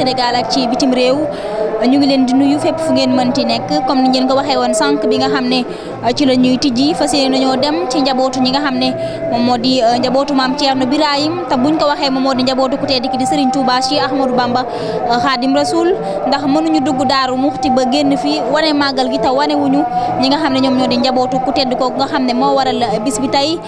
Sénégal ak ci bitim réew ñu ngi leen di nuyu fépp fu ngeen mënti nekk comme ni ngeen ko waxee woon sànq bi nga xam ne ci la ñuy tijji fas yéene nañoo dem ci njabootu ñi nga xam ne moom moo di euh, njabootu maam Thierno Birahim te buñ ko waxee moom moo di njabootu ku tedd ki di Serigne Touba Cheikh Ahmadou Bamba euh, Khadim Rasoul ndax mënuñu dugg daaru muxti ba génn fii wane màggal gi te wane wuñu ñi nga xam ne ñoom ñoo di njabootu ku tedd kooku nga xam ne moo waral euh, bis bi tey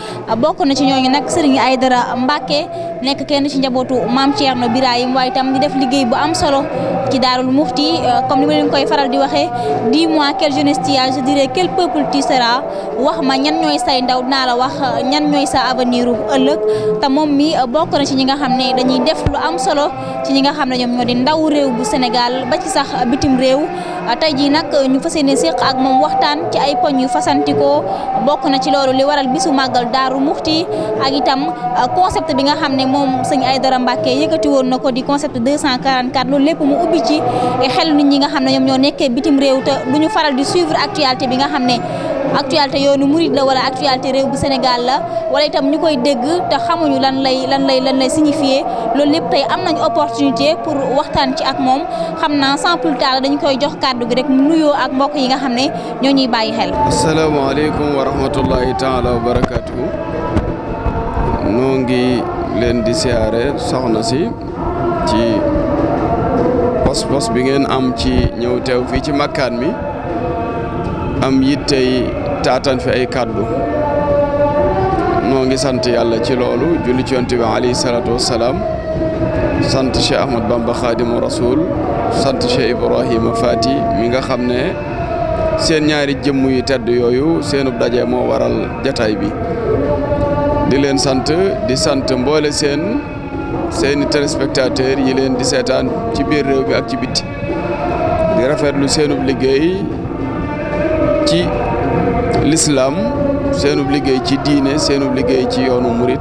bokk na ci ñooñu nag Serigne Aydara Mbacke nekk kenn ci njabootu maam Thierno Birahim waaye tam di def liggéey bu am solo ci daarul muxti comme ni ma leen koy faral di waxee dis-moi quelle jeunesse as je dirai quel peuple sera wax ma ñan ñooy say ndaw dinaa la wax euh, ñan ñooy sa avenir u ëllëg te moom mi euh, bokk na ci ñi nga xam ne dañuy def am solo ci ñi nga xam ne ñoom ñoo di ndaw réew bu Sénégal ba ci sax bitim réew euh, tey jii nag ñu fas yéene séq ak moom waxtaan ci ay poñ yu fasantikoo bokk na ci loolu li waral bisu màggal Daaru Muxti ak itam concept bi nga xam ne moom sëñ Aïdara Mbacke yëkkati woon na ko di concept 244 loolu lépp mu nga xam ne ñoom ñoo nekkee bitim réew te du faral di suivre actualité bi nga xam ne actualité yoonu murid la wala actualité réew bu Sénégal la wala itam ñu koy dégg te xamuñu lan lay lan lay lan lay signifié loolu lépp tey am nañ opportunité pour waxtaan ci ak moom xam naa sans plus dañu koy jox kàddu gi rek mu nuyoo ak mbokk yi nga xam ne ñoo ñuy bàyyi xel. asalaamaaleykum wa rahmatullahi taala wa barakaatuhu noo ngi leen di siyaare soxna si ci pos pos bi ngeen am ci ñëw teew fii ci makkaan mi. am yittey taatan fi ay kàddu noo ngi sant yàlla ci loolu julli ci yonent bi alayhi salaatu wassalaam sant Cheikh Ahmad Bamba Xaadimu Rasuul sant Cheikh Ibrahima Fati mi nga xam ne seen ñaari jëmm yu tedd yooyu seenub daje moo waral jataay bi di leen sant di sant mboole seen seeni téléspectateur yi leen di seetaan ci biir réew bi ak ci biti di rafetlu seenub liggéey ci lislaam seenub liggéey ci diine seenub liggéey ci yoonu murit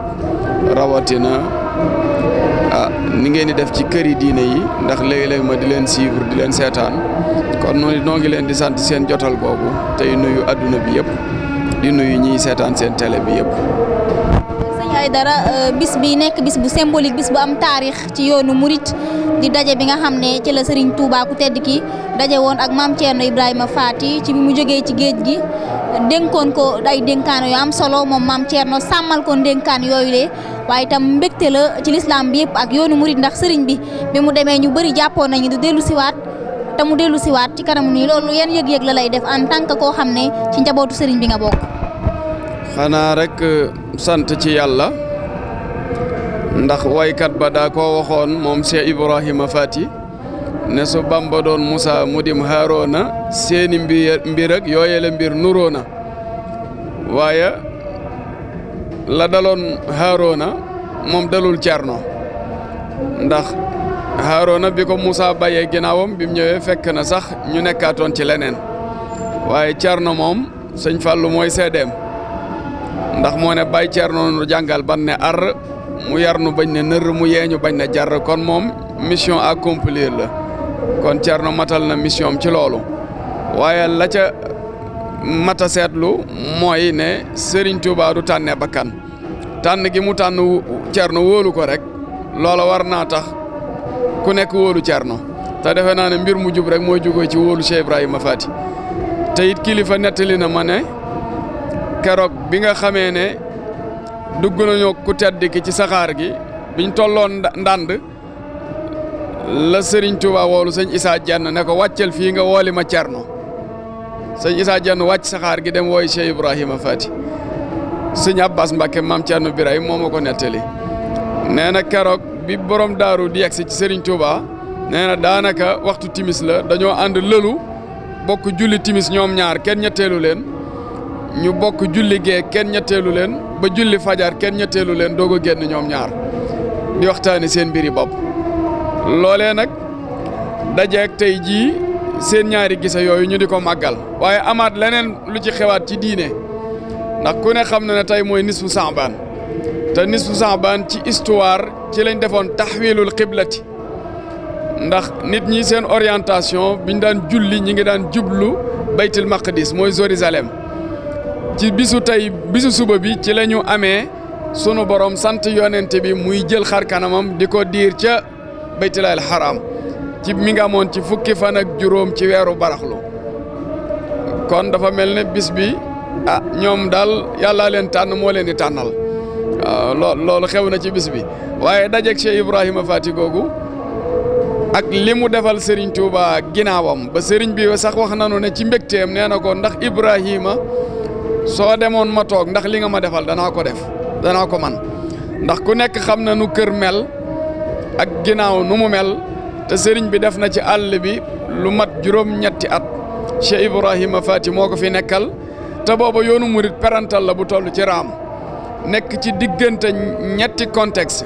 rawatina a ni ngeen di def ci kër yi diine yi ndax léegi-léegi ma di leen suivre di leen seetaan kon noonu noo ngi leen di sant seen jotal boobu tey nuyu àdduna bi yëpp di nuyu ñiy seetaan seen tele bi yépp dara euh, bis bi nekk bis bu symbolique bis bu am taarix ci yoonu murit di daje bi nga xam ne ci la Serigne Touba ku tedd ki daje woon ak maam Thierno Ibrahima Faty ci bi mu jógee ci géej gi dénkoon ko ay dénkaan yu am solo moom maam Thierno sàmmal ko yooyu de waaye tam mbégte la ci lislaam bi yëpp ak yoonu murit ndax Serigne bi bi mu demee ñu bëri jàppoon nañu du dellu siwaat te mu dellu siwaat ci kanam nii loolu yan yëg-yëg la lay def en tant que koo xam ne ci njabootu sëriñ bi nga bokk. sant ci yàlla ndax waykat ba daa koo waxoon moom Cheikh Ibrahima Fati ne su Bamba doon Moussa mu dim Haarona seeni mbir mbir mbir nuroo na waaye la daloon Haarona moom dalul Cerno ndax Haarona bi ko Moussa bàyyee ginnaawam bi ñëwee fekk na sax ñu nekkaatoon ci leneen waaye Cerno moom sëñ Fàllu mooy seedeem ndax moo ne Baye Thierno nu jàngal ban ne ar mu yar nu bañ ne nër mu yeeñu bañ ne jar kon moom mission à accomplir la kon Thierno matal na mission ci loolu waaye la ca mata seetlu mooy ne sëriñ Touba du tànnee bakkan tànn gi mu tànn Thierno wóolu ko rek loolo war naa tax ku nekk wóolu Thierno te defe naa ne mbir mu jub rek mooy jógee ci wóolu Cheikh Ibrahima Fati te kilifa nettali na mane keroog bi nga xamee ne dugg nañu ku tedd ki ci saxaar gi biñ tolloon ndànd la sëriñ Tuubaa woolu sëñ Isaa Jenn ne ko wàccal fii nga wooli ma cerno sëñ Isaa Jenn wàcc saxaar gi dem wooy Cheikh Ibrahima Fati sëñ Abbas Mbàkke maam cerno Birahim moo ma ko nettali nee na keroog bi borom daaru di si ci sëriñ Tuubaa nee daanaka waxtu timis la dañoo ànd lëlu bokk julli timis ñoom ñaar kenn ñetteelu leen ñu bokk julli gee kenn ñetteelu leen ba julli fajar kenn ñetteelu leen doog a génn ñoom ñaar di waxtaane seen mbiri bopp loole nag dajeek tey jii seen ñaari gise yooyu ñu di ko màggal waaye amaat leneen lu ci xewaat ci diine ndax ku ne xam na ne tey mooy nisfu saabaan te nisfu saabaan ci histoire ci lañ defoon tax taxwiilul qiblati ndax nit ñi seen orientation biñ daan julli ñi ngi daan jublu baytul maqdis mooy Jérusalem ci bisu tey bisu suba bi ci la ñu amee sunu borom sant yonent bi muy jël xar kanamam di ko diir ca baytilaal xaraam ci mi nga amoon ci fukki fan ak juróom ci weeru baraxlu kon dafa mel ne bis bi a ah, ñoom daal yàllaa leen tànn moo leen di tànnal waaw ah, loolu xew na ci bis bi waaye dajeeg Cheikh Ibrahima Fati googu ak li mu defal Serigne Touba ginnaawam ba sëriñ bi sax wax nanu ne ci mbégteem nee na ko ndax Ibrahima. soo demoon ma toog ndax li nga ma defal danaa ko def danaa ko man ndax ku nekk xam na nu kër mel ak ginnaaw nu mu mel te sëriñ bi def na ci àll bi lu mat juróom-ñetti at Cheikh Ibrahima Fati moo ko fi nekkal te booba yoonu murit perantal la bu toll ci raam nekk ci diggante ñetti contexte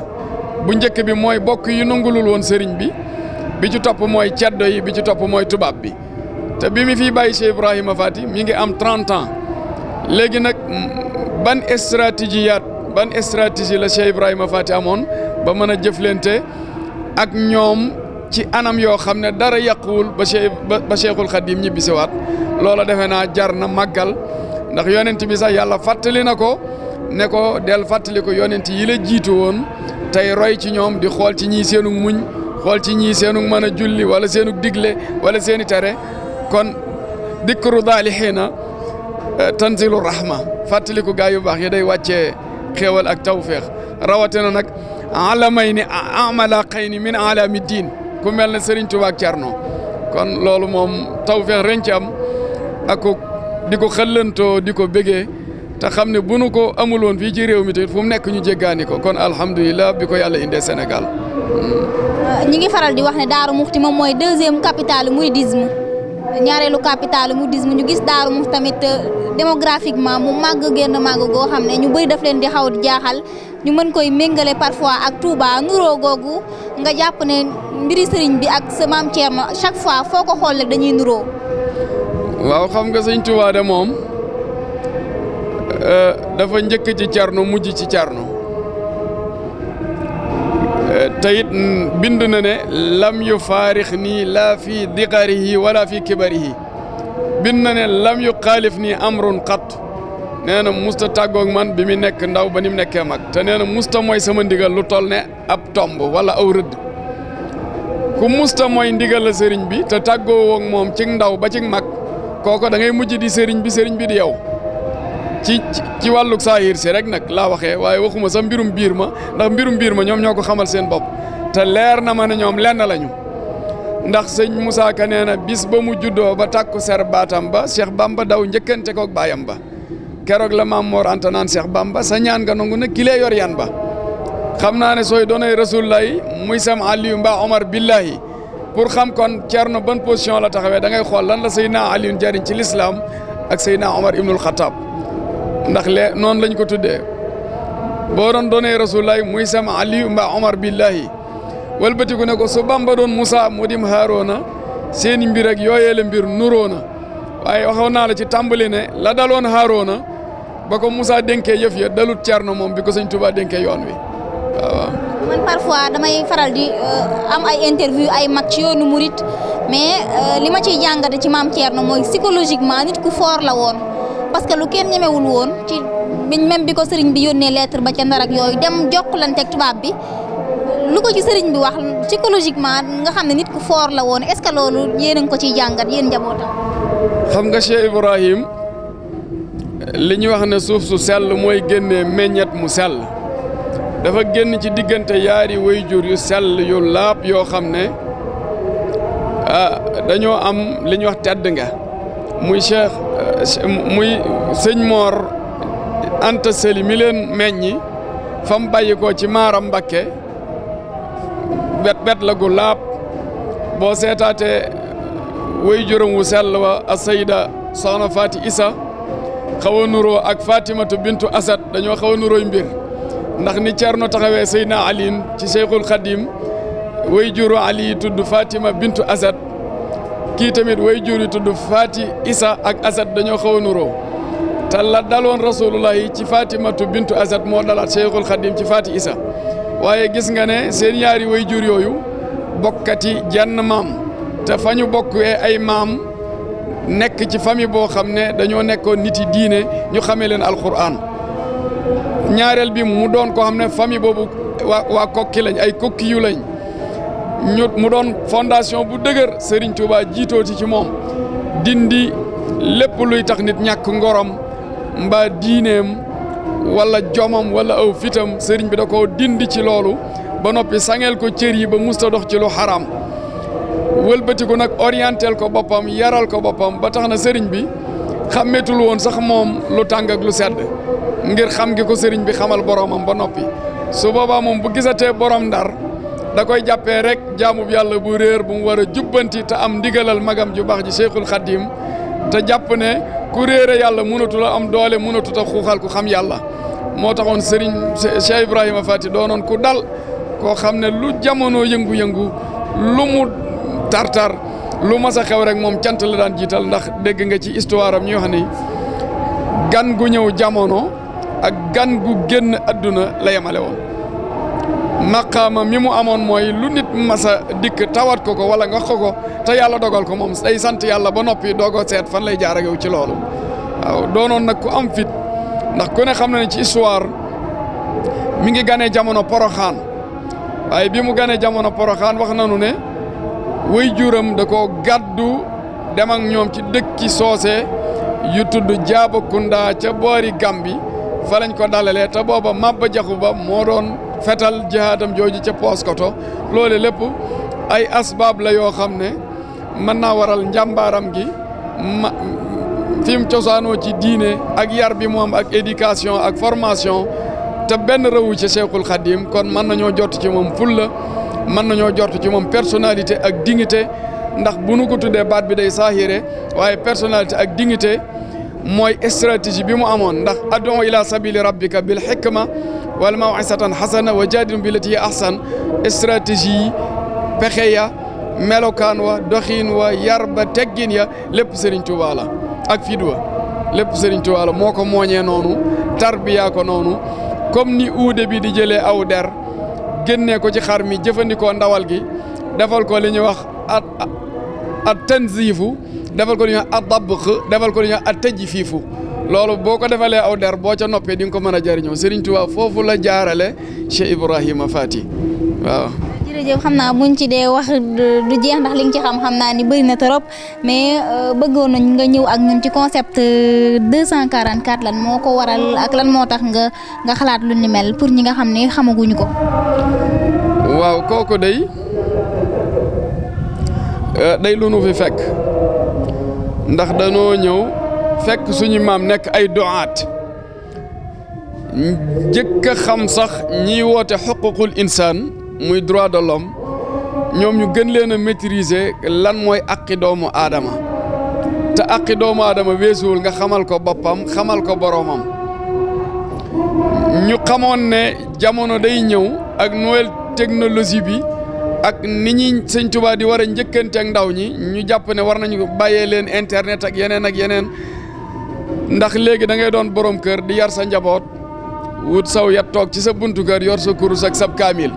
bu njëkk bi mooy bokk yi nangulul woon sëriñ bi bi ci topp mooy ceddo bi ci topp mooy tubaab bi te bii mi fiy bàyyi Cheikh Ibrahima Fati mi ngi am 30 ans. léegi nag ban stratégie yaat ban stratégie la Cheikh Ibrahima Fati amoon ba mën a jëflante ak ñoom ci anam yoo xam ne dara yàquwul ba Cheikh ba Cheikhul Khadim waat loola defe naa jar na màggal ndax yonent bi sax yàlla fàttali na ko ne ko del fàttali ko yonent yi la jiitu woon tey roy ci ñoom di xool ci ñii seenu muñ xool ci ñii seenu mën a julli wala seenu digle wala seeni tere kon dikru daalihiina Eh, tanzilu rahma fàttaliku gaa yu baax yi day wàccee xéewal ak tawféex rawatina nag alamay ni amala xëy ni min alami diin ku mel ne Serigne Touba ak kon loolu moom tawféex ren ci am ak ko di ko xëllantoo di ko bégee te xam ne bu nu ko amuloon fii ci réew mi tamit fu mu nekk ñu jéggaani ko kon alhamdulilah bi ko yàlla indee Sénégal. Hmm. Euh, ñi ngi faral di wax ne Darou Mouhty moom mooy deuxième capitale mouridisme. ñaareelu capitale mouridisme ñu gis Daaru Muxti tamit euh, démographiquement mu màgg génn màgg goo xam ne ñu bëri daf leen di xaw di jaaxal ñu mën koy méngale parfois ak Touba nuroo googu nga jàpp ne mbiri sëriñ bi ak sa maam Thierno chaque fois foo ko xool dañuy nuroo. waaw xam nga sëñ Touba de moom euh, dafa njëkk ci Thierno mujj ci Thierno. te it bind na ne lam yu faarix nii laa fi diqarihi wala fi kibarihi bind na ne lam yu xaalif nii amrun xat nee na musta tàggook man bi mu nekk ndaw ba ni mu nekkee mag te nee na musta mooy sama ndigal lu toll ne ab tomb wala aw rëdd ku musta mooy ndigal sëriñ bi te tàggoo moom ci ndaw ba ci mag kooko da ngay mujj di sëriñ bi sëriñ bi di yow ci ci wàlluk saahir si rek nag laa waxee waaye waxuma sa mbirum biir ma ndax mbirum biir ma ñoom ñoo ko xamal seen bopp te leer na ma ne ñoom lenn lañu ndax sëñ Moussa Ka nee bis ba mu juddoo ba tàkku ser baatam ba Cheikh Bamba daw njëkkante koog baayam ba keroog la maam Mor Anta naan Cheikh Bamba sañaan ga nga na kilee yor yan ba xam naa ne sooy doonay rasulullahi muy sam Aliou mbaa Omar billahi pour xam kon Thierno ban position la taxawee da ngay xool lan la naa Aliou jariñ ci lislaam ak naa Omar ibnul Khattab ndax lee noonu lañ ko tuddee boo doon doonay rasulullahi muy sam Aliou walbatiku ne ko su Bamba doon Moussa mu dim Haaruna seen mbir ak yooyeele mbir nuroo na waaye waxoon naa la ci tàmbali ne la daloon Haaruna ba ko Moussa dénkee yëf ya dalut Cerno moom bi ko sëñ Tuubaa dénkee yoon wi waaw. man parfois damay faral di euh, am ay interview ay mag ci yoonu murit mais euh, li ma ciy jàngate ci maam Cerno mooy psychologiquement nit ku fort woon parce que lu kenn ñemewul woon ci même bi ko sëriñ bi yónnee lettre ba ca ndar yooyu dem jokkalante ak tubaab bi. lu ko ci sëriñ bi wax psychologiquement nga xam ne nit ku foor la woon est-ce que loolu yéen a ngi ko ciy jàngat yéen njabootam. xam nga Cheikh Ibrahim li ñu wax ne suuf su sell mooy génnee meññet mu sell dafa génn ci diggante yaari wayjur yu sell yu laab yoo xam ne ah dañoo am li ñu wax tedd nga muy Cheikh muy sëñ Mor Anta Seli mi leen meññi fa bàyyi ko ci Maaram Mbakke. wet wet la gu laab boo seetaatee way juróom wu sell wa a sayda soxna Faati Isa xaw a nuroo ak Fatimatu bintu Asad dañoo xaw a nurooy mbir ndax ni Cerno taxawee Seydina Aliin ci Cheikhul Khadim way juru Ali tudd Fatima bintu Asad kii tamit way juri tudd Faati Isa ak Asad dañoo xaw a nuroo te la daloon Rasulullahi ci Fatimatu bintu Asad moo dalaat Cheikhul Khadim ci Faati Isa waaye gis nga ne seen yaari way yooyu bokkati jenn maam te fa ñu bokkee ay maam nekk ci famille boo xam ne dañoo nekkoon nit yi diine ñu xamee leen alquran ñaareel bi mu doon koo xam ne famille boobu waa waa ay kokki mu doon fondation bu dëgër Serigne Touba jiitooti ci moom dindi lépp luy tax nit ñàkk ngorom mbaa diineem wala jomam wala aw fitam sëriñ bi da koo dindi ci loolu ba noppi sangeel ko cër yi ba musta dox ci lu xaraam wëlbatiku nag orientel ko boppam yaral ko boppam ba tax na sëriñ bi xàmmeetul woon sax moom lu tàng lu sedd ngir xam gi ko sëriñ bi xamal borom am ba noppi su boobaa moom bu gisatee borom ndar da koy jàppee rek jaamub yàlla bu réer bu mu war a jubbanti te am ndigalal magam ju baax ji Cheikhul Khadim te jàpp ku réere yàlla mënatu la am doole mënatu ta xuuxal ku xam yàlla moo taxoon sëriñ Cheikh Ibrahima Fati doonoon ku dal koo xam ne lu jamono yëngu-yëngu lu mu tartar lu mas a xew rek moom cant la daan jiital ndax dégg nga ci histoire am ñu wax ni gan gu ñëw jamono ak gan gu génn adduna la yemale woon maqaama mi mu amoon mooy lu nit masa dikk tawat ko ko wala nga ko ko te yàlla dogal ko moom day sant yàlla ba noppi doogoo seet fan lay jaar ak ci loolu doonoon nag ku am fit ndax ku ne xam na ci histoire mi ngi ganee jamono poroxaan waaye bi mu ganee jamono poroxaan wax nanu ne way juram da ko gàddu dem ñoom ci dëkki soose yu tudd Jaabakunda ca boori Gambi fa lañ ko dalalee te booba Maba Jaxu Ba moo doon fetal jihaadam jooju ca Paoskoto loole lépp ay asbaab la yoo xam ne mën naa waral njàmbaaram gi ma fi mu cosaanoo ci diine ak yar bi moom ak éducation ak formation te benn rëwu ci Cheikhul Khadim kon mën nañoo jot ci moom fulla mën nañoo jot ci moom personnalité ak dignité ndax bu nu ko tuddee baat bi day saahire waaye personnalité ak dignité mooy stratégie bi mu amoon ndax adon ila sabili rabbika bil xikma wal mawisatan xasana wa jaadilum bi lati ahsan stratégie yi pexe ya melokaan wa doxiin wa yar ba teggin ya lépp Serigne Touba la ak fidwa lépp Serigne Touba la moo ko mooñee noonu tarbiyaa ko noonu comme ni uude bi di jëlee aw der génnee ko ci xar mi jëfandikoo ndawal gi defal ko li ñuy wax at at tanzifu defal ko li ñuy wax ad dabq defal ko li ñuy wax at tajfiifu loolu boo ko defalee aw der boo ca noppee di ko mën a jëriñoo Serigne Touba foofu la jaarale Cheikh Ibrahima Fati waaw. jërëjëf xam naa buñ ci dee wax du jeex ndax li nga naa ni bëri na trop mais euh, bëggoon nañ nga ñëw ak ñun ci concept 244 euh, lan moo ko waral ak lan moo tax nga nga xalaat lu ni mel pour ñi nga xam ne xamaguñu ko. waaw kooku day euh, day lu nu fi fekk. ndax danoo ñëw fekk suñu maam nekk ay duaat jëkk a xam sax ñiy woote xuququl insaan muy droit de l'homme ñoom ñu gën leen a maîtriser lan mooy aqi doomu aadama te aqi doomu aadama weesuwul nga xamal ko boppam xamal ko boroomam ñu xamoon ne jamono day ñëw ak nouvelle technologie bi ak ni ñi sëñ Tuubaa di war a njëkkante ak ndaw ñi ñu jàpp ne war nañu bàyyee leen internet ak yeneen ak yeneen ndax léegi dangay doon borom kër di yar sa njaboot wut saw yat toog ci sa buntu kër yor sa kurus ak sab kaamil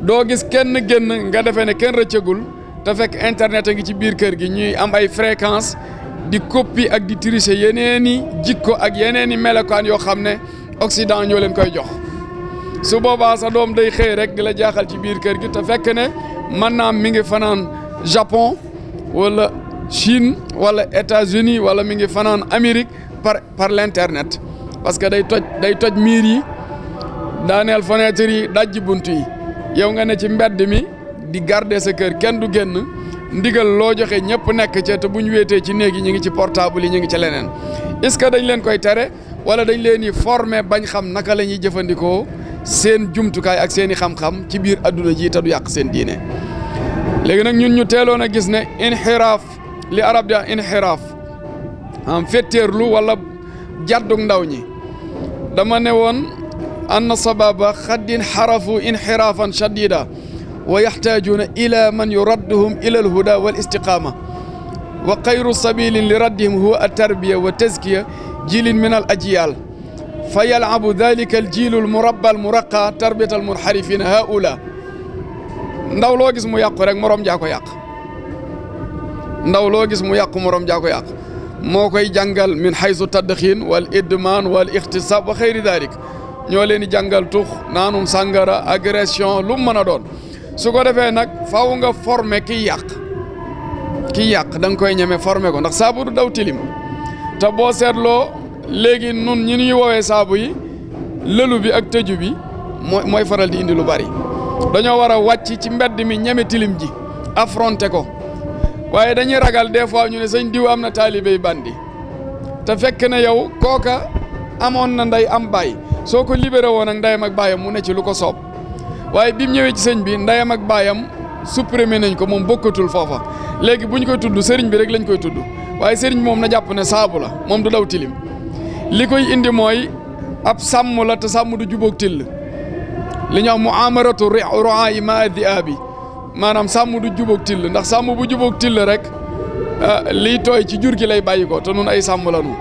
doo gis kenn génn nga defee ne kenn rëccagul te fekk internet a ngi ci biir kër gi ñuy am ay fréquence di copie ak di tricher yeneen i jikko ak yeneen i melokaan yoo xam ne Occident ñoo leen koy jox su boobaa sa doom day xëy rek di la jaaxal ci biir kër gi te fekk ne man naam mi ngi fanaan Japon wala Chine wala États-Unis wala mi ngi fanaan Amérique par par l'internet parce que day toj day toj miir yi daaneel fenêtre yi dajji bunt yi yow nga ne ci mbedd mi di garder sa kër kenn du génn ndigal loo joxe ñëpp nekk ca te bu ñu wéetee ci néegi yi ñu ngi ci portable yi ñu ngi ci leneen est-ce que dañ leen koy tare wala dañ leen di former bañ xam naka la ñuy jëfandikoo seen jumtukaay ak seeni i xam-xam ci biir adduna ji du yàq seen diine léegi nag ñun ñu teeloon a gis ne inxiraaf li arab di inxiraaf am fetteerlu walla jàddug ndaw ñi dama ne woon anna sababa xaddin xarafu inxiraafan shadida wa yaxtaajuuna ila man yuradduhum ila alhuda wal istiqaama wa xayru sabilin li raddihim huwa at tarbiya wa tazkiya jilin min al ajyaal فيلعب ذلك الجيل المربى المرقى تربية المنحرفين هؤلاء ndaw loo gis mu yàqu rek moroom jaa ko yàq ndaw loo gis mu yàqu moroom jaa ko moo koy jàngal min xaysu taddaxiin wal idmaan wal ixtisaab wa xayri dalik ñoo leen di jàngal tux naanum sàngara agression lu mu mën a doon su ko defee nag faw nga former kiy yàq kiy yàq da koy ñeme former ko ndax saabu du daw tilim te boo seetloo léegi nun ñi ñuy woowee saabu yi lëlu bi ak tëju bi mooy faral di indi lu bari dañoo war a wàcc ci mbedd mi ñeme tilim ji affronté ko waaye dañuy ragal des fois ñu ne sëñ diw am na taalibey bandi te fekk na yow kooka amoon na nday am baay soo ko libéré woon ak ndeyam ak baayam mu ne ci lu ko soob waaye bi mu ñëwee ci sëñ bi ndeyam ak baayam supprimé nañ ko moom bokkatul foofa léegi buñ koy tudd sëriñ bi rek lañ koy tudd waaye sëriñ moom na jàpp ne saabu la moom du daw tilim li koy indi mooy ab sàmm la te sàmm du jubóog till li ñu am mu amaratu roa yi ma addi abi maanaam sàmm du jubóog till ndax sàmm bu jubóog till rek ah, liy tooy ci jur gi lay bàyyi ko te nun ay sàmm la nu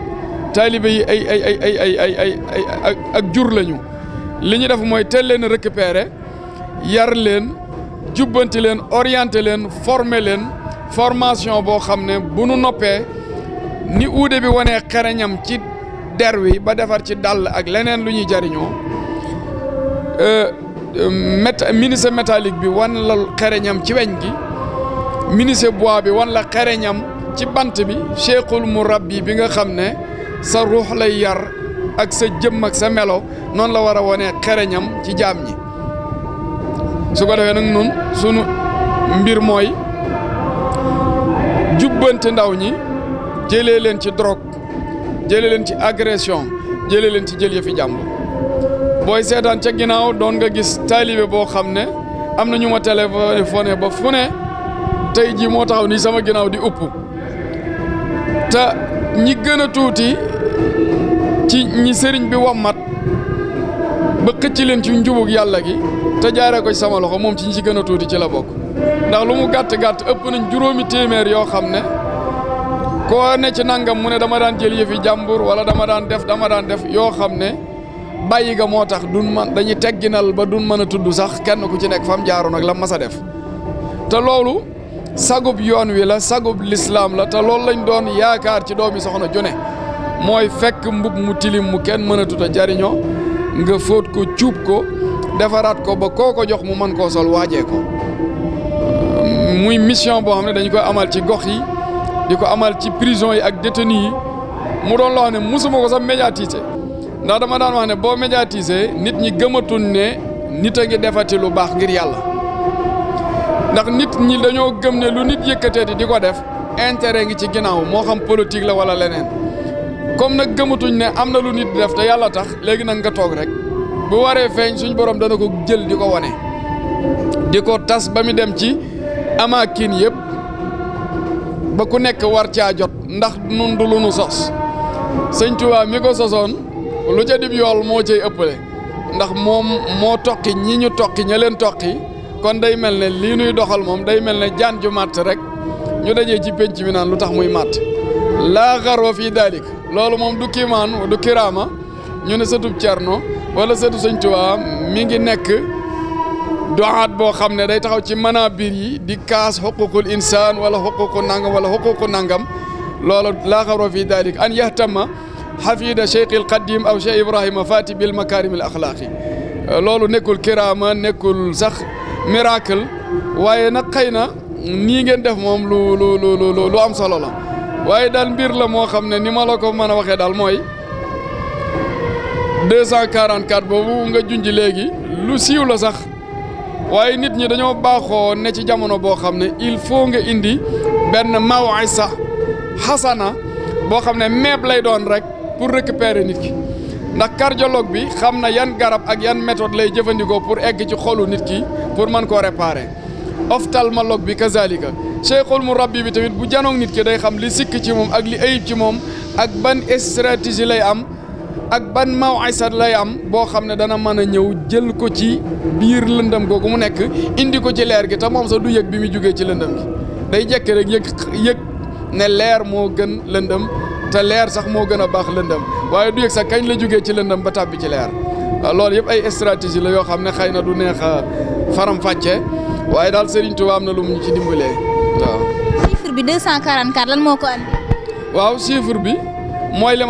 taalibe yi ay ay ay ay ay ay ay ak jur lañu li ñu def mooy teel leen récupérer yar leen jubbanti leen orienté leen former leen formation boo xam ne bu nu noppee ni uude bi wanee xereñam ci der wi ba defar ci dàll ak leneen lu ñuy jariñoo euh, euh, méta menuisier métallique bi wan la xereñam ci weñ gi menuisier bois bi wan la xereñam ci bant bi cheikhul murabbi bi nga xam ne sa ruux lay yar ak sa jëmm ak sa melo noonu la war a wone xereñam ci jaam ñi su ko defee nag nun sunu mbir mooy jubbante ndaw ñi jëlee leen ci drogue jëlee leen ci agression jëlee leen ci jël yëfi jàmbur booy seetaan ca ginnaaw doon nga gis taalibe boo xam ne am na ñu ma téléphoné ba fu ne tey jii moo taxaw nii sama ginaaw di upp ta ñi gën a tuuti ci ñi sëriñ bi wammat ba xëcc leen ci njubug yàlla gi te jaaree ko ci sama loxo moom ci ñi ci gën a tuuti ci la bokk ndax lu mu gàtt gàtt ëpp nañ juróomi téeméer yoo xam ne. koo ne ci nangam mu ne dama daan jël yëfi jàmbur wala dama daan def dama daan def yoo xam ne bàyyi ga moo tax duñ man dañuy tegginal ba duñ mën a tudd sax kenn ku ci nekk fam jaaroon ak la mas a def te loolu sagub yoon wi la sagub lislaam la te loolu lañ doon yaakaar ci doomi soxna jone mooy fekk mbub mu tilim mu kenn mën a tuta jariñoo nga fóot ko cuub ko defaraat ko ba koo ko jox mu mën koo sol waajee ko muy mission boo xam ne dañu koy amal ci gox yi di ko amal ci prison yi ak détenu yi mu doon loo xam ne musuma ko sax médiatiser ndax dama daan wax ne boo médiatiser nit ñi gëmatuñ ne nit a ngi defati lu baax ngir yàlla ndax nit ñi dañoo gëm ne lu nit yëkkateeti di ko def intérêt ngi ci ginnaaw moo xam politique la wala leneen comme nag gëmatuñ ne am na lu nit def te yàlla tax léegi nag nga toog rek bu waree feeñ suñ borom dana ko jël di ko wane di ko tas ba mu dem ci amaakin yëpp. ba ku nekk war caa jot ndax nun du lu nu sos sëñ Tuubaa mi ko lu ca dib yool moo cay ëppale ndax moom moo toqi ñi ñu toqi ña leen toqi kon day mel ne lii nuy doxal moom day mel ne jaan ju rek ñu dajee ci pénc mi naan lu tax muy màtt laa xarwa fii daalik loolu moom du kiimaan du kiraama ñu ne sëtub Cerno wala sëtub sëñ Tuubaa mi ngi nekk doxaat boo xam ne day taxaw ci manaabir yi di kaas xuququl insaan wala xuququ nangam wala xuququ nangam loola laa xaro fi dalik an yahtama xafida cheikh il qadim aw cheikh ibrahima fati bil makarim al loolu nekkul kiraama nekkul sax miracle waaye nag xëy na nii ngeen def moom lu lu lu lu am solo la waaye daal mbir la moo xam ne ni ma la ko mën a waxee daal mooy 244 boobu nga junj léegi lu siiw la sax waaye nit ñi dañoo baaxoo ne ci jamono boo xam ne il faut nga indi benn sax xasana boo xam ne meeb lay doon rek pour récupérer nit ki ndax cardiologue bi xam na yan garab ak yan méthode lay jëfandikoo pour egg ci xolu nit ki pour mën koo réparer ophtalmologue bi kazalika cheikhul murabbi bi tamit bu janoog nit ki day xam li sikk ci moom ak li ayib ci moom ak ban stratégie lay am ak ban maw maw'isat lay am boo xam ne dana mën a ñëw jël ko ci biir lëndëm googu mu nekk indi ko ci leer gi te moom sax du yëg bi mu jógee ci lëndëm gi day jekk rek yëg yëg ne leer moo gën lëndëm te leer sax moo gën a baax lëndëm waaye du yëg sax kañ la jógee ci lëndëm ba tàbbi ci leer loolu yëpp ay stratégie la yoo xam ne xëy na du neex a faram-fàccee waaye daal Serigne am na lu mu ñu ci dimbalee waaw. chiffre bi 244 lan moo ko andi. waaw chiffre mooy li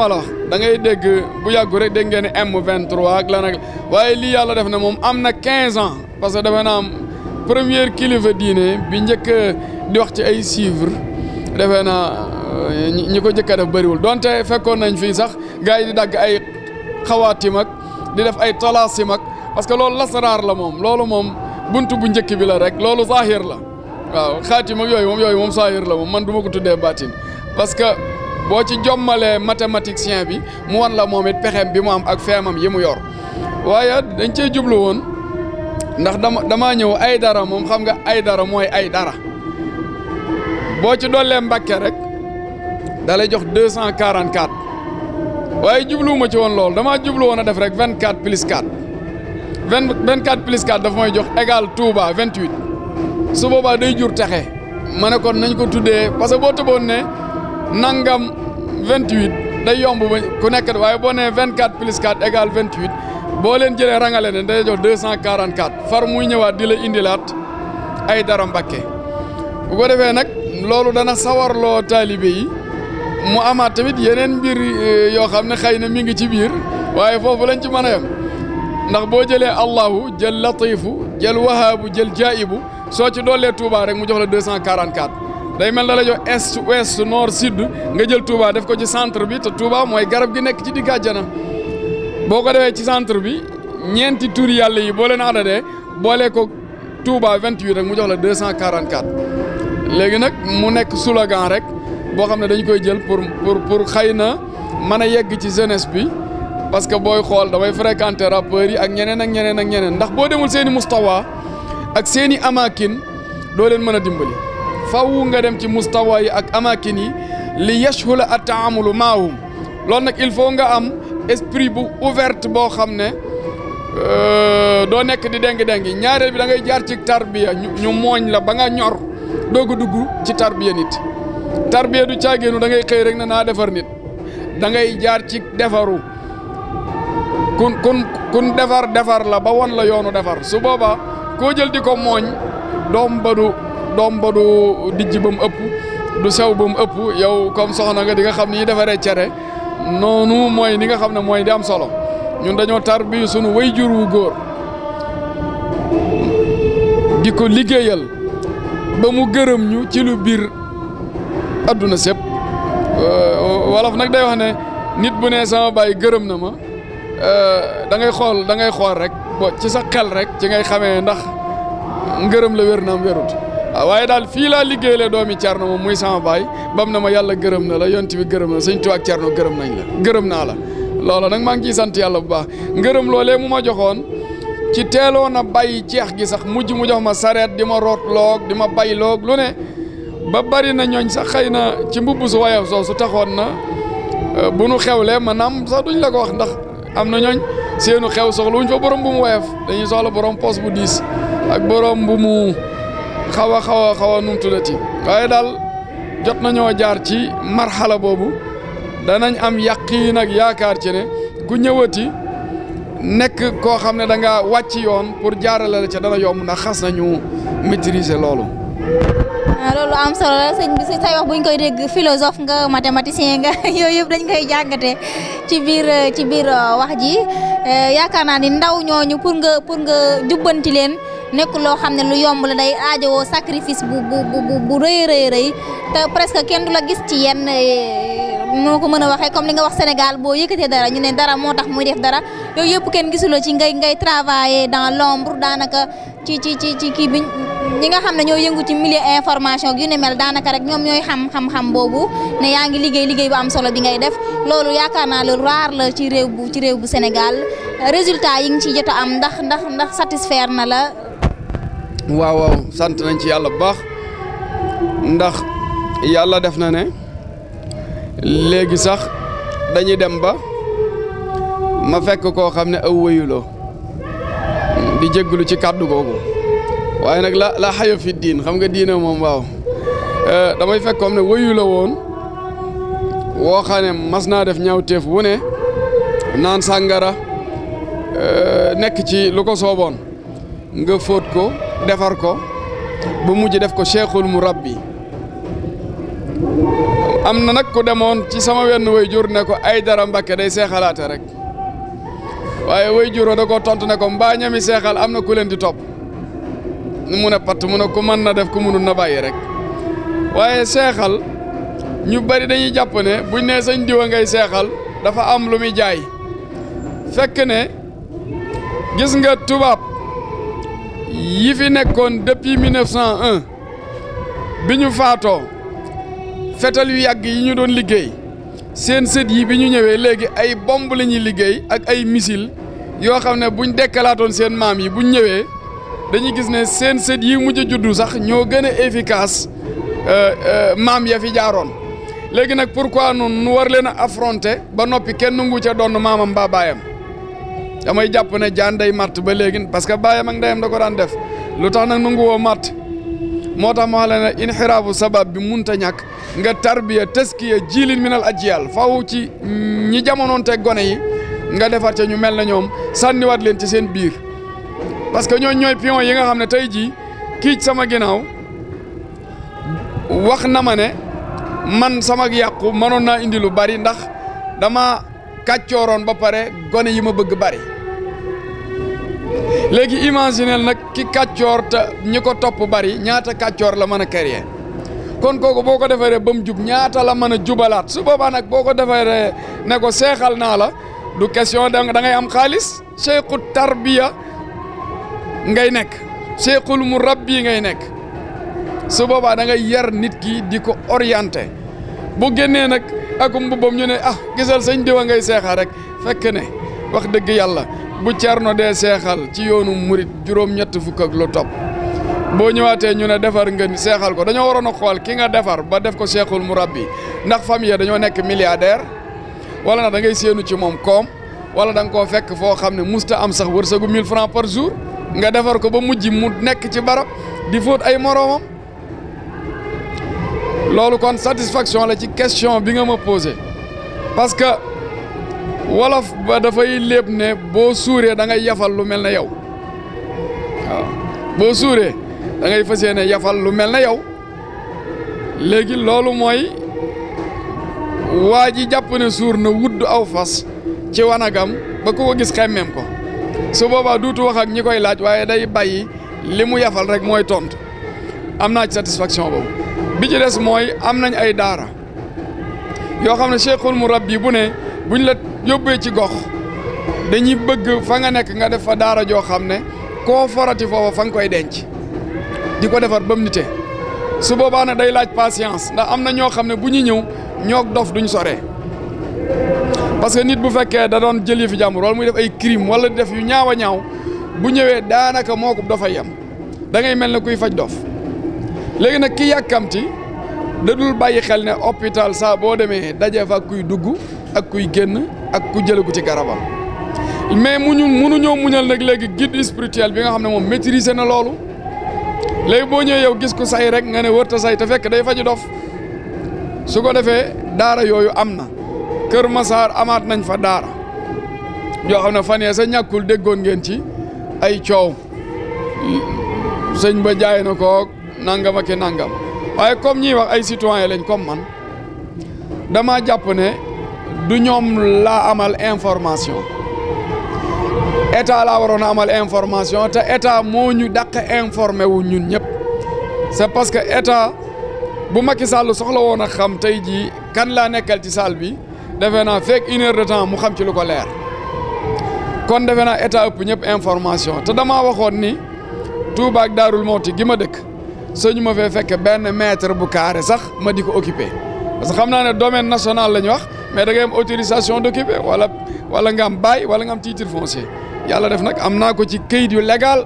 da ngay dégg bu yàggu rek dégg ngeen M23 ak lan ak waaye lii yàlla def na moom am na 15 ans parce que defe naa première kilifa diine bi njëkk di wax ci ay chiffres defe na euh, ñi ko njëkk a def bëriwul donte fekkoon nañ fii sax gars yi di dagg ay xawaatim ak di def ay talaasim ak parce que loolu lasaraar la moom loolu moom bunt bu njëkk bi la rek loolu zahir la waaw xaatim ak yooyu moom yooyu moom zahir la moom man du ma ko tuddee baatin parce que boo ci jommalee mathématicien bi mu wan la moom it pexeem bi mu am ak feemam yi mu yor waaye dañ cee jublu woon ndax dama damaa ñëw ay dara moom xam nga ay dara mooy ay dara boo ci dollee Mbàkke rek da lay jox deux cent quarante quatre waaye jubluwuma ci woon loolu damaa jublu woon a def rek vingt quatre plus quatre vingt quatre plus quatre dafa may jox égal Touba vingt huit su boobaa day jur texe ma ne kon nañ ko tuddee parce que boo tëboon ne. nangam 28 day yomb ba ku nekk waaye boo nee 24 plus 4 égale 28 boo leen jële rangale ne day jox 244 far muy ñëwaat di la indilaat ay dara mbàkke bu defee nag loolu dana sawarloo taalibe yi mu amaat tamit yeneen mbir eh, yoo xam ne xëy na mi ngi ci biir waaye foofu lañ ci mën a ndax boo jëlee allahu jël latifu jël wahaabu jël jaibu soo ci doolee Touba rek mu jox la 244 day mel da la jox est ouest noor sud nga jël Touba def ko ci centre bi te Touba mooy garab gi nekk ci digg àjjana boo ko defee ci centre bi ñeenti tur yàlla yi boo leen adadee boolee ko Touba 28 rek mu jox la 244 léegi nag mu nekk slogan rek boo xam ne dañ koy jël pour pour pour xëy na mën a yegg ci jeunesse bi parce que booy xool damay fréquenter rappeurs yi ak ñeneen ak ñeneen ak ñeneen ndax boo demul seeni i mustawa ak seen i amakin doo leen mën a dimbali. faw nga dem ci mustawa ak amakin yi li yashula attaamulu maahum lool nag il faut nga am esprit bu ouverte boo xam ne euh, doo nekk di déng-déng ñaareel bi da ngay jaar ci tarbiya ñu mooñ la ba nga ñor doog a dugg ci tarbiya nit tarbiya du caagéenu da ngay xëy rek na naa defar nit da jaar ci defaru kun kun kun defar defar la ba won la yoonu defar su boobaa koo jël di ko mooñ doom ba du doom ba du dijj ba mu ëpp du sew ba mu ëpp yow comme soxna nga di nga xam ni defaree cere noonu mooy ni nga xam ne mooy di am solo ñun dañoo tar bi sunu wayjur wu góor di ko liggéeyal ba mu gërëm ñu ci lu biir adduna sépp euh, wolof nag day wax nit bu ne sama baay gërëm na ma euh, da ngay xool da ngay xool rek ci sa xel rek ci ngay xamee ndax ngërëm la wér na am wérut Ah, waaye daal fii laa liggéeyalee doomi na moom muy sama baay bam na ma yàlla gërëm na la yonent bi gërëm na sëñ Tuubaa ak Thierno gërëm nañ la gërëm naa la loola nag maa ngi ciy sant yàlla bu baax ngërëm loolee mu ma joxoon ci teeloon a bàyyi ceex gi sax mujj mu jox ma sareet di ma root loog di ma bay loog lu ne ba bari na ñooñ sax xëy na ci mbubb su woyof soo su taxoon na eh, bu nu xew xewlee maanaam sax duñ la ko wax ndax am na ñooñ seenu xew soxla wuñ fa borom bu mu woyof dañuy soxla borom poos bu diis ak borom bu mu xaw a xaw a xaw waaye daal jot nañoo jaar ci marxala boobu danañ am yaqiin nag yaakaar ci ne ku ñëwati nekk koo xam ne da nga wàcc yoon pour jaarale la ca dana yomb ndax xas nañu maîtriser loolu. Ah, loolu am solo la sëñ bi say wax bu ñu koy dégg philosophe nga mathématicien nga yooyu yëpp dañ koy jàngate ci biir ci biir uh, wax ji eh, yaakaar naa ni ndaw ñooñu pour nga pour nga jubbanti leen. nekk loo xam ne lu yomb la day aajowoo sacrifice bu bu bu bu rëy rëy presque kenn du la gis ci yenn eh, noo ko mën a waxee comme li nga wax Sénégal boo yëkkatee dara ñu ne dara moo tax muy def dara yow yëpp kenn gisuloo ci ngay ngay travailler dans l'ombre daanaka ci ci ci ci kii bi ñi nga xam ne ñoo yëngu ci milieu information yu ne mel daanaka rek ñoom ñooy xam xam-xam boobu ne yaa ngi liggéey liggéey bu am solo bi ngay def loolu yaakaar naa loolu raar la ci réew bu ci réew bu Sénégal résultat yi nga ci jot am ndax ndax ndax satisfaire na la. waaw waaw sant nañ ci yàlla bu baax ndax yàlla def na ne léegi sax dañuy dem ba ma fekk koo xam ne aw wëyuloo di jégglu ci kàddu googu waaye nag la la xayo fi diin xam nga diina moom waaw euh, damay fekk comme ne wëyu la woon woo xam mas naa def ñaawteef wu ne naan sàngara euh, nekk ci lu ko sooboon nga fóot ko defar ko bu mujj def ko cheikhul murabbi am na nag ku demoon ci sama wenn way jur ne ko ay dara mbàkke day seexalaate rek waaye way juroo da ko tontu ne ko mbaañam ñami seexal am na ku leen di topp mu ne patt mu ne ku mën na def ku mënul na bàyyi rek waaye seexal ñu bari dañuy jàpp ne buñ nee sañ diwa ngay seexal dafa am lu muy jaay fekk ne gis nga tubaab yi fi nekkoon depuis 1901 bi ñu faatoo fetal yu yàgg yi ñu doon liggéey seen sët yi bi ñu ñëwee léegi ay bomb la ñuy liggéey ak ay missile yoo xam ne buñ dekkalaatoon seen maam yi buñ ñëwee dañu gis ne seen sët yi mujj a juddu sax ñoo gën a efficace euh, euh, maam ya fi jaaroon léegi nag pourquoi noonu nu war leen a affronter ba noppi kenn nangu ca doon maamam baabaayam damay jàpp ne jaan day matt ba léegi parce que baayam ak ndeyam da ko daan def lu tax nag nangu woo matt moo tax ma la ne inxiraafu sabab bi munta ñàkk nga tarbiya taskiya jiilin minal ajiyal faw ci ñi jamonoon te gone yi nga defar ca ñu mel na ñoom sànniwaat leen ci seen biir parce que ñooñ ñooy pion yi nga xam ne tey jii kiic sama ginnaaw wax na ma ne man sama yàqu manoon naa indi lu bari ndax dama kàccooroon ba pare gone yi ma bëgg bari léegi imagineel nag ki kàccoor te ñi ko topp bari ñaata kàccoor la mën a créer kon kooku boo ko defaree ba mu jub ñaata la mën a jubalaat su boobaa nag boo ko defaree ne ko seexal naa la du question da ngay am xaalis seexu tarbiya ngay nekk seexul mu rabbi ngay nekk su boobaa da yar nit ki di ko orienté bu génnee nag akum mbubbam ñu ne ah gisal sëñ diwa ngay seexal rek fekk ne wax dëgg yàlla bu cerno dee seexal ci yoonu murit juróom-ñett fukk ak lu topp boo ñëwaatee ñu ne defar nga ni seexal ko dañoo waroon a ki nga defar ba def ko seexul murabbi ndax famille dañoo nekk milliardaire wala ndax da ngay séenu ci moom koom wala dan koo fekk foo xam ne musta am sax wërsëgu mil francs par jour nga defar ko ba mujj mu nekk ci barab di fóot ay moroomam loolu kon satisfaction la ci question bi nga ma parce que wolof ba dafay léeb ne boo suuree da ngay yafal lu mel ne yow boo suuree da ngay fas yafal lu mel ne yow léegi loolu mooy waa ji jàpp ne suur na wudd aw fas ci wanagam ba ku ko gis xemmeem ko su boobaa duutu wax ñi koy laaj waaye day bàyyi li mu yafal rek mooy tontu am naa ci satisfaction boobu ci des mooy am nañ ay daara yoo xam ne cheikhul murabbi bu ne buñ la yóbbee ci gox dañuy bëgg fa nga nekk nga def fa daara joo xam ne koo forati foofa fa nga koy denc di ko defar ba mu nite su boobaa nag day laaj patience ndax am na ñoo xam ne bu ñu ñëw ñoog dof duñ soree parce que nit bu fekkee da doon jël fi jàmbur wala muy def ay crime wala di def yu ñaaw a ñaaw bu ñëwee daanaka moo ko dafay yem da ngay mel ne kuy faj dof léegi nag ki yàkkamti da dul bàyyi xel ne hôpital saa boo demee daje fa kuy dugg ak kuy génn ak ku jëlee ko ci garabam mais muñu munuñoo muñal nag léegi guide spirituel bi nga xam ne moom maîtriser na loolu léegi boo ñëwee yow gis ko say rek nga ne wërta say te fekk day faju dof su ko defee daara yooyu am na Kër Masaar amaat nañ fa daara yoo na ne fan yee sa ñàkkul déggoon ngeen ci ay coow sëñ ba jaay na ko nangam ak nangam waaye comme ñiy wax ay citoyen lañ comme man dama jàpp ne du ñoom laa amal information état laa waroon a amal information te état moo ñu dàq informé wu ñun ñëpp c'est parce que état bu Macky Sall soxla woon a xam tey jii kan laa nekkal ci salle bi defe naa fekk une heure de temps mu xam ci lu ko leer kon defe naa état ëpp ñëpp information te damaa waxoon ni Touba ak Daarul Mawti gi ma dëkk soo ñu ma fee fekk benn mètre bu carré sax ma di ko occupé parce que xam naa ne domaine national la ñu wax. mais da ngay am autorisation d'occuper wala wala nga am bail wala nga am titre foncier yàlla def nag am naa ko ci këyit yu légal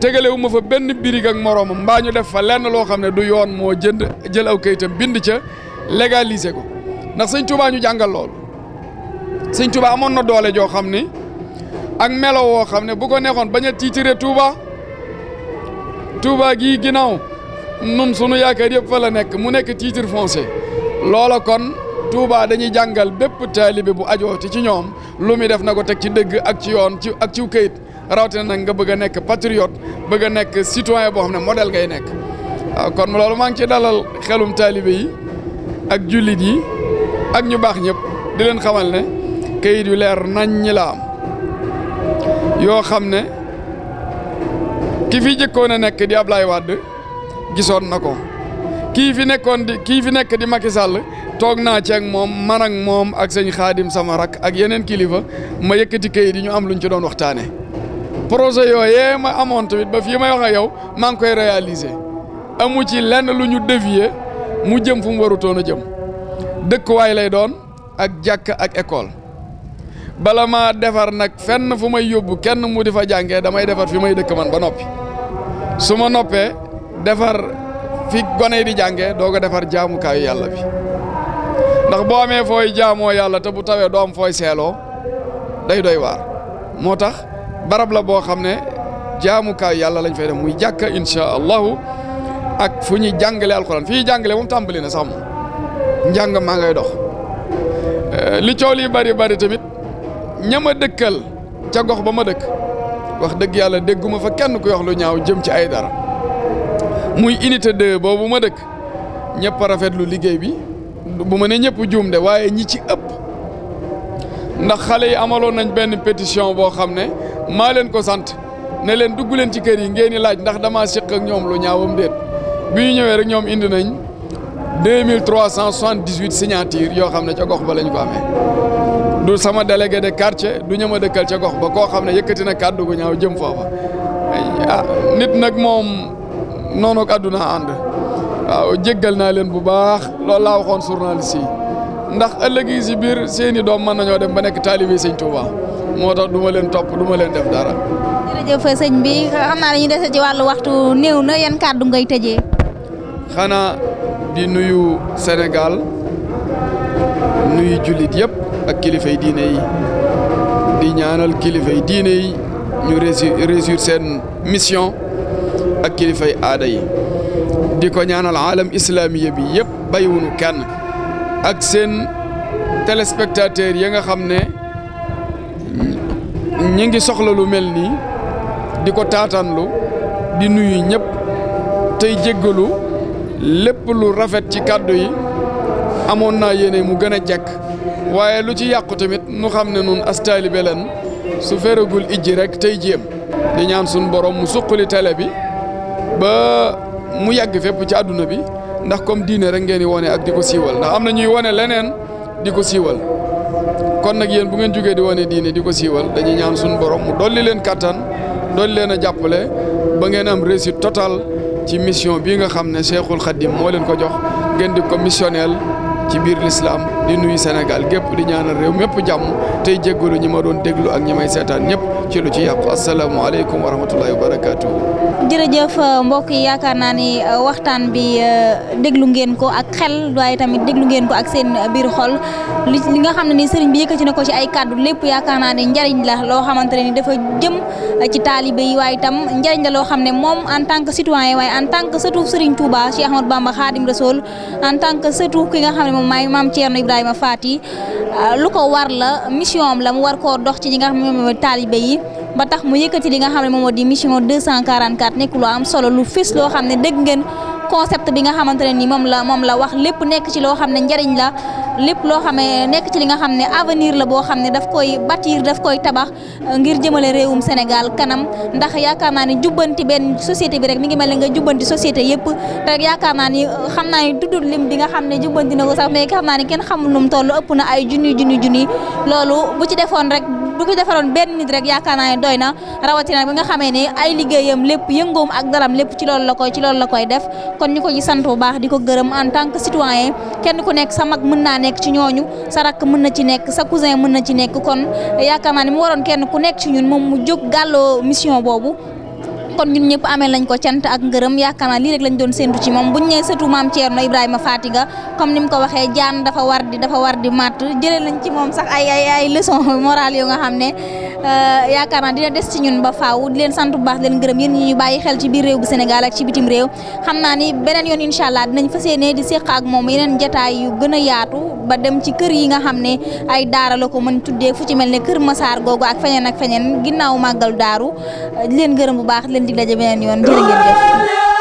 tegalewu ma fa benn birig ak moroomam mbaa ñu def fa lenn loo xam ne du yoon moo jënd jël aw këyitam bind ca légaliser ko ndax sëñ Touba ñu jàngal loolu sëñ Touba amoon na doole joo xam ni ak melo woo xam ne bu ko neexoon bañ a tiitire Touba Touba gii ginnaaw nun sunu yaakaar yëpp fa la nekk mu nekk titre foncier loola kon Touba dañuy jàngal bépp taalibe bu ajooti ci ñoom lu muy def na ko teg ci dëgg ak ci yoon ci ak ciw këyit rawatina nag nga bëgg a nekk patriote bëgg a nekk citoyen boo xam ne modèle ngay nekk waaw kon loolu maa ngi ci dalal xelum taalibe yi ak jullit yi ak ñu baax ñëpp di leen xamal ne kayit yu leer nañ ñi la yoo xam ne ki fi jëkkoon a nekk di Ablaye Wade gisoon na ko kii fi nekkoon di kii fi nekk di Macky Sall toog naa ci ak moom man moom ak sëñ xaadim sama rak ak yeneen kilifa ma yëkkati kayit yi ñu am luñ ci doon waxtaane projet yooyee ma amoon tamit ba fii may wax ak yow maa ngi koy réaliser amu ci lenn lu ñu dévier mu jëm fu mu warutoon a jëm dëkkuwaay lay doon ak jàkk ak école bala ma defar nag fenn fu may yóbbu kenn mu di fa jàngee damay defar fi may dëkk man ba noppi su ma noppee defar. fi gone yi di jàngee doo ko defar jaamukaayu yàlla bi ndax boo amee fooy jaamoo yàlla te bu tawee doo fooy seeloo day doy waar moo tax barab la boo xam ne jaamukaay yàlla lañ fay def muy jàkka insha allahu ak fu ñuy jàngalee alxuraan fi ñuy jàngalee moom tàmbali na sax njàng maa ngay dox eh, li coow li bari bari tamit ña ma dëkkal ca gox ba ma dëkk wax dëgg yàlla dégguma fa kenn ku wax lu ñaaw jëm ci ay dara muy unité 2 boobu ma dëkk ñëpp rafetlu liggéey bi bu ma ne ñëpp juum de waaye ñi ci ëpp ndax xale yi amaloon nañ benn pétition boo xam ne maa leen ko sant ne leen dugg leen ci kër yi ngeen di laaj ndax dama siq ak ñoom lu ñaawam déet bi ñëwee rek ñoom indi nañ deux mille trois cent soixante-dix-huit signatures yoo xam ne ca gox ba lañ ko amee du sama délégué de quartier du ñëma dëkkal ca gox ba koo xam ne yëkkati na kàddu gu ñaaw jëm foofa ah, nit nag moom noonu ak àdduna ànd waaw jéggal naa leen bu baax lool laa waxoon journaliste ndax ëllëg yi si biir seeni doom mën nañoo dem ba nekk taalibe sëñ Touba moo tax du ma leen topp duma leen def dara. jërëjëf sëñ bi xam naa dañuy dese ci wàllu waxtu néew na yan kàddu ngay tëjee. xanaa di nuyu senegal nuyu jullit yépp ak kilifay diine yi di ñaanal kilifay diine yi ñu réussir réussir seen mission. ak kilifay aada yi di ko ñaanal aalam islaamiya bi yëpp bàyyiwunu kenn ak seen téléspectateur yi nga xam ne ñi ngi soxla lu mel nii di ko taatanlu di nuyu ñëpp tey jéggalu lépp lu rafet ci kàddu yi amoon naa yéene mu gën a jekk waaye lu ci yàqu tamit nu xam ne nun as taalibe su feragul ijji rek tey jéem di ñaan suñu borom mu suqali télé bi ba mu yàgg fépp ci adduna bi ndax comme diine rek ngeen di wone ak di ko siiwal ndax am na ñuy wone leneen di ko siiwal kon nag yéen bu ngeen jógee di wone diine di ko siiwal dañuy ñaan suñu borom mu dolli leen kàttan dolli leen a jàppale ba ngeen am réussite totale ci mission bii nga xam ne Cheikhul Khadim moo leen ko jox ngeen di ko missionnel ci biir l'islam di nuyu Sénégal gépp di ñaanal réew mépp jàmm tey jéggalu ñi ma doon déglu ak ñi may seetaan ñëpp ci lu ci yàqu asalaamaaleykum wa rahmatullahi wa barakaatu. jërëjëf mbokk yi yaakaar naa ni euh, waxtaan bi euh, déglu ngeen ko ak xel waaye tamit déglu ngeen ko ak seen biir xol li li nga xam ne nii sëriñ bi yëkkati ne ko ci ay kàddu lépp yaakaar naa ne njariñ la loo xamante ne ni dafa jëm euh, ci taalibe yi waaye itam njariñ la loo xam ne moom en tant que citoyen waaye en tant que sëtu sëriñ Touba Cheikh Ahmadou Bamba Khadim en tant que sëtu ki nga xam ne moom maay maam Ibrahima Faty euh, lu ko war la mission am la mu war koo dox ci ñi nga xam ne mooy taalibe yi ba tax mu yëkkati li nga xam ne moom moo di mission 244 nekk lu am solo lu fës loo xam ne dégg ngeen. concept bi nga xamante ne ni moom la moom la wax lépp nekk ci loo xam ne njariñ la lépp loo xam ne nekk ci li nga xam ne avenir la boo xam ne daf koy bâtir daf koy tabax euh, ngir jëmale réewum Sénégal kanam ndax yaakaar naa ne jubbanti benn société bi rek mi ngi mel ni nga jubbanti société yëpp te yaakaar naa ni euh, xam naa ni tuddul lim bi nga xam ne jubbanti na ko sax mais xam naa ne kenn xamul nu mu toll ëpp na ay junni junni junni loolu bu ci defoon rek. bu defaroon benn nit rek yaakaar naa ne doy na rawatina bi nga xamee ne ay liggéeyam lépp yëngoom ak daram lépp ci loolu la koy ci loolu la koy def kon ñu ko ci sant bu baax di ko gërëm en tant que citoyen kenn ku nekk sa mag mën naa nekk ci ñooñu sa rakk mën na ci nekk sa cousin mën na ci nekk kon yaakaar naa ne mu waroon kenn ku nekk ci ñun moom mu jóg gàlloo mission boobu kon ñun ñëpp amee lañ ko cant ak ngërëm yaakaar naa lii rek lañ doon séntu ci moom buñ nee sëtu maam Thierno Ibrahima Fatiga comme ni mu ko waxee jaan dafa war di dafa war di màtt jëlee lañ ci moom sax ay ay ay leçon morale yu nga xam ne euh, yaakaar naa dina des ci ñun ba faaw leen sant bu baax leen gërëm yéen ñi ñu bàyyi xel ci biir réew bu Sénégal ak ci naa ni beneen yoon incha allah dinañ fas yéene di séq ak moom yeneen jataay yu gën a yaatu ba dem ci kër yi nga xam ne ay daara la ko mën tuddee fu ci mel ne kër Masaar googu ak feneen ak feneen ginnaaw màggal daaru di leen gërëm bu baax leen dig daje beneen yoon jërë ngeen